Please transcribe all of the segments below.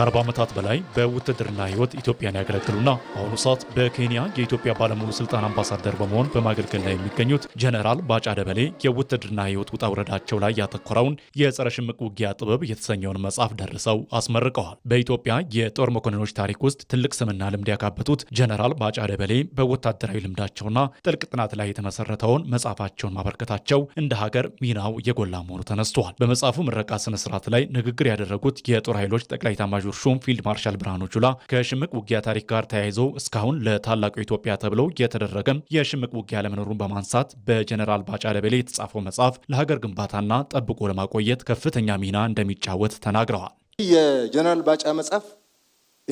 ከ40 ዓመታት በላይ በውትድርና ህይወት ኢትዮጵያን ያገለግሉና በአሁኑ ሰዓት በኬንያ የኢትዮጵያ ባለሙሉ ስልጣን አምባሳደር በመሆን በማገልገል ላይ የሚገኙት ጀነራል ባጫ ደበሌ የውትድርና ህይወት ውጣ ውረዳቸው ላይ ያተኮረውን የጸረ ሽምቅ ውጊያ ጥበብ የተሰኘውን መጽሐፍ ደርሰው አስመርቀዋል። በኢትዮጵያ የጦር መኮንኖች ታሪክ ውስጥ ትልቅ ስምና ልምድ ያካበቱት ጀነራል ባጫ ደበሌ በወታደራዊ ልምዳቸውና ጥልቅ ጥናት ላይ የተመሰረተውን መጽሐፋቸውን ማበርከታቸው እንደ ሀገር ሚናው የጎላ መሆኑ ተነስተዋል። በመጽሐፉ ምረቃ ስነስርዓት ላይ ንግግር ያደረጉት የጦር ኃይሎች ጠቅላይ ታማዦ የኢዜማዡ ሹም ፊልድ ማርሻል ብርሃኑ ጁላ ከሽምቅ ውጊያ ታሪክ ጋር ተያይዞ እስካሁን ለታላቁ ኢትዮጵያ ተብሎ የተደረገ የሽምቅ ውጊያ ለመኖሩን በማንሳት በጀነራል ባጫ ደበሌ የተጻፈው መጽሐፍ ለሀገር ግንባታና ጠብቆ ለማቆየት ከፍተኛ ሚና እንደሚጫወት ተናግረዋል። የጀነራል ባጫ መጽሐፍ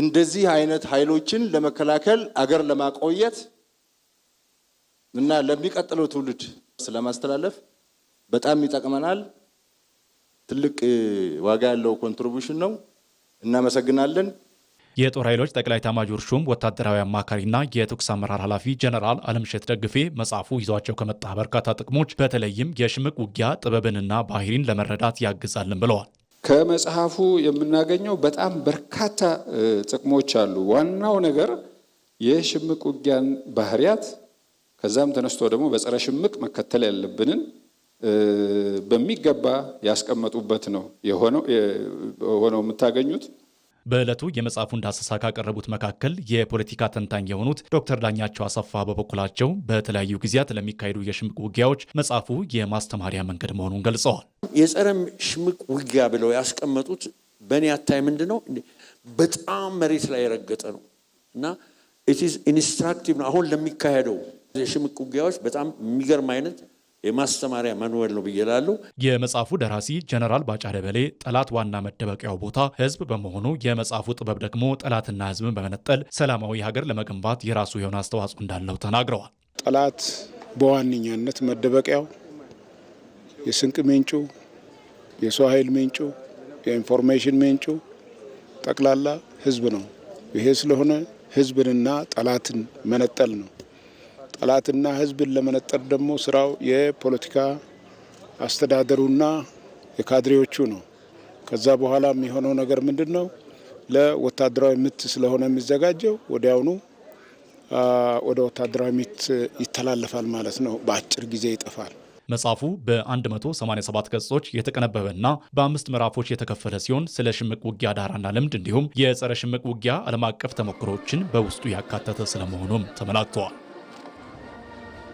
እንደዚህ አይነት ኃይሎችን ለመከላከል አገር ለማቆየት እና ለሚቀጥለው ትውልድ ስለማስተላለፍ በጣም ይጠቅመናል። ትልቅ ዋጋ ያለው ኮንትሪቢሽን ነው። እናመሰግናለን። የጦር ኃይሎች ጠቅላይ ኤታማዦር ሹም ወታደራዊ አማካሪና የተኩስ አመራር ኃላፊ ጀነራል አለምሸት ደግፌ መጽሐፉ ይዟቸው ከመጣ በርካታ ጥቅሞች በተለይም የሽምቅ ውጊያ ጥበብንና ባህሪን ለመረዳት ያግዛልን ብለዋል። ከመጽሐፉ የምናገኘው በጣም በርካታ ጥቅሞች አሉ። ዋናው ነገር የሽምቅ ውጊያን ባህሪያት፣ ከዛም ተነስቶ ደግሞ በጸረ ሽምቅ መከተል ያለብንን በሚገባ ያስቀመጡበት ነው ሆነው የምታገኙት። በዕለቱ የመጽሐፉን ዳሰሳ ካቀረቡት መካከል የፖለቲካ ተንታኝ የሆኑት ዶክተር ዳኛቸው አሰፋ በበኩላቸው በተለያዩ ጊዜያት ለሚካሄዱ የሽምቅ ውጊያዎች መጽሐፉ የማስተማሪያ መንገድ መሆኑን ገልጸዋል። የጸረ ሽምቅ ውጊያ ብለው ያስቀመጡት በእኔ አታይ ምንድን ነው በጣም መሬት ላይ የረገጠ ነው እና ኢንስትራክቲቭ ነው። አሁን ለሚካሄደው የሽምቅ ውጊያዎች በጣም የሚገርም አይነት የማስተማሪያ ማኑዌል ነው ብዬ እላለሁ። የመጽሐፉ ደራሲ ጀነራል ባጫ ደበሌ ጠላት ዋና መደበቂያው ቦታ ህዝብ በመሆኑ የመጽሐፉ ጥበብ ደግሞ ጠላትና ህዝብን በመነጠል ሰላማዊ ሀገር ለመገንባት የራሱ የሆነ አስተዋጽኦ እንዳለው ተናግረዋል። ጠላት በዋነኛነት መደበቂያው የስንቅ ምንጩ፣ የሰው ኃይል ምንጩ፣ የኢንፎርሜሽን ምንጩ ጠቅላላ ህዝብ ነው። ይሄ ስለሆነ ህዝብንና ጠላትን መነጠል ነው። ጠላትና ህዝብን ለመነጠር ደግሞ ስራው የፖለቲካ አስተዳደሩና የካድሬዎቹ ነው። ከዛ በኋላ የሚሆነው ነገር ምንድን ነው? ለወታደራዊ ምት ስለሆነ የሚዘጋጀው ወዲያውኑ ወደ ወታደራዊ ምት ይተላለፋል ማለት ነው። በአጭር ጊዜ ይጠፋል። መጽሐፉ በ187 ገጾች የተቀነበበና በአምስት ምዕራፎች የተከፈለ ሲሆን ስለ ሽምቅ ውጊያ ዳራና ልምድ እንዲሁም የጸረ ሽምቅ ውጊያ ዓለም አቀፍ ተሞክሮችን በውስጡ ያካተተ ስለመሆኑም ተመላክተዋል።